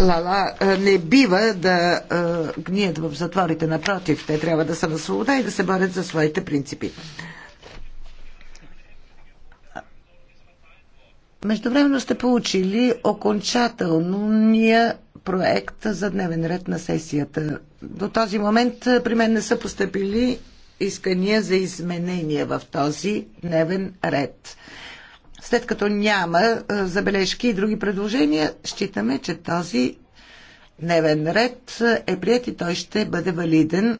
лала е, не бива да е, гният в затворите. Напротив, те трябва да са на свобода и да се борят за своите принципи. Междувременно сте получили окончателния проект за дневен ред на сесията. До този момент е, при мен не са поступили искания за изменения в този дневен ред. След като няма забележки и други предложения, считаме, че този дневен ред е прият и той ще бъде валиден.